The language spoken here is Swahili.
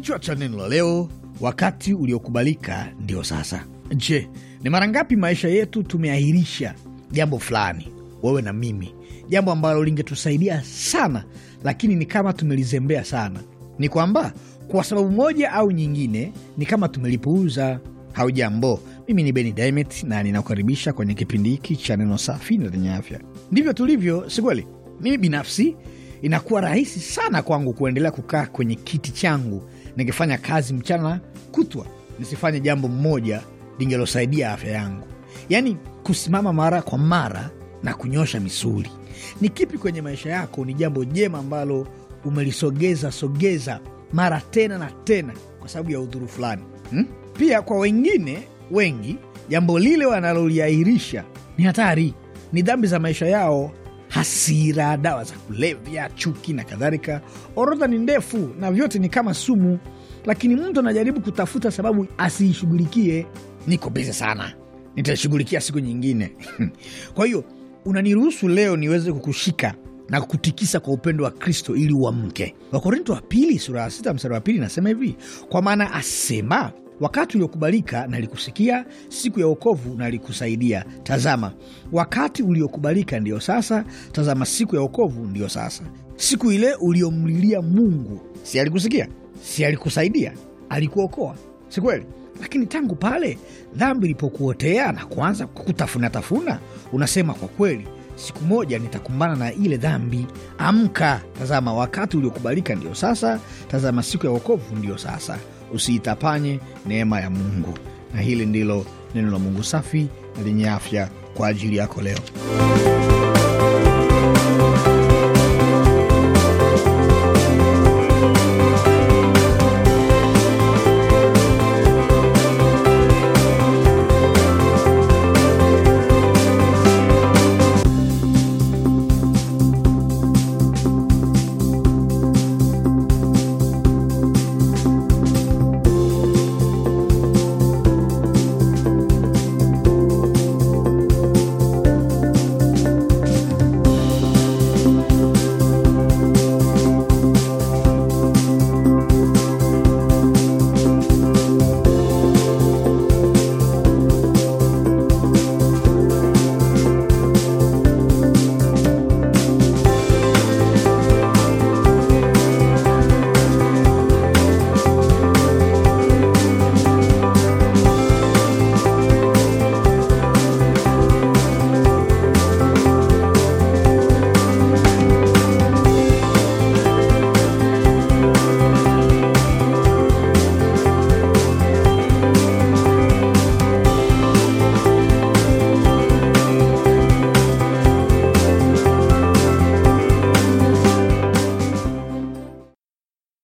Kichwa cha neno la leo: wakati uliokubalika ndio sasa. Je, ni mara ngapi maisha yetu tumeahirisha jambo fulani, wewe na mimi, jambo ambalo lingetusaidia sana, lakini ni kama tumelizembea sana. Ni kwamba kwa sababu moja au nyingine, ni kama tumelipuuza. Haujambo, mimi ni Beni Dimet na ninakukaribisha kwenye kipindi hiki cha neno safi na lenye afya. Ndivyo tulivyo, si kweli? Mimi binafsi inakuwa rahisi sana kwangu kuendelea kukaa kwenye kiti changu nikifanya kazi mchana kutwa nisifanye jambo mmoja lingelosaidia afya yangu, yaani kusimama mara kwa mara na kunyosha misuli. Ni kipi kwenye maisha yako ni jambo jema ambalo umelisogeza sogeza mara tena na tena kwa sababu ya udhuru fulani hmm? Pia kwa wengine wengi jambo lile wanaloliahirisha ni hatari, ni dhambi za maisha yao hasira, dawa za kulevya, chuki na kadhalika. Orodha ni ndefu na vyote ni kama sumu, lakini mtu anajaribu kutafuta sababu asiishughulikie. Niko bize sana, nitaishughulikia siku nyingine. Kwa hiyo unaniruhusu leo niweze kukushika na kukutikisa kwa upendo wa Kristo ili uamke. Wakorinto wa pili sura ya sita mstari wa pili nasema hivi, kwa maana asema wakati uliokubalika nalikusikia, siku ya wokovu nalikusaidia. Tazama, wakati uliokubalika ndiyo sasa, tazama, siku ya wokovu ndiyo sasa, siku ile uliyomlilia Mungu. Si alikusikia? Si alikusaidia? Alikuokoa, si kweli? Lakini tangu pale dhambi ilipokuotea na kuanza kukutafunatafuna, unasema kwa kweli siku moja nitakumbana na ile dhambi. Amka, tazama wakati uliokubalika ndiyo sasa, tazama siku ya wokovu ndiyo sasa usiitapanye neema ya Mungu. Na hili ndilo neno la Mungu safi na lenye afya kwa ajili yako leo.